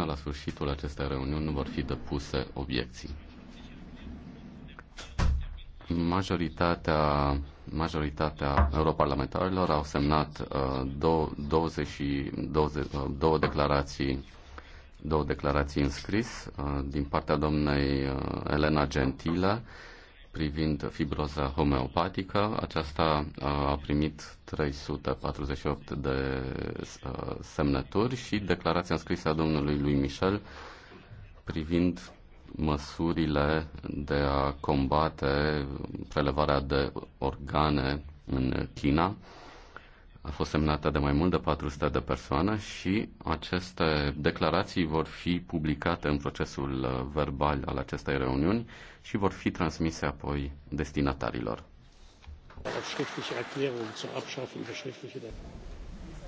până la sfârșitul acestei reuniuni nu vor fi depuse obiecții. Majoritatea, majoritatea europarlamentarilor au semnat uh, dou, 20, 20, uh, două declarații două declarații înscris uh, din partea domnei uh, Elena Gentile privind fibroza homeopatică. Aceasta uh, a primit 348 de uh, semnături și declarația înscrisă a domnului lui Michel privind măsurile de a combate prelevarea de organe în China a fost semnată de mai mult de 400 de persoane și aceste declarații vor fi publicate în procesul uh, verbal al acestei reuniuni și vor fi transmise apoi destinatarilor.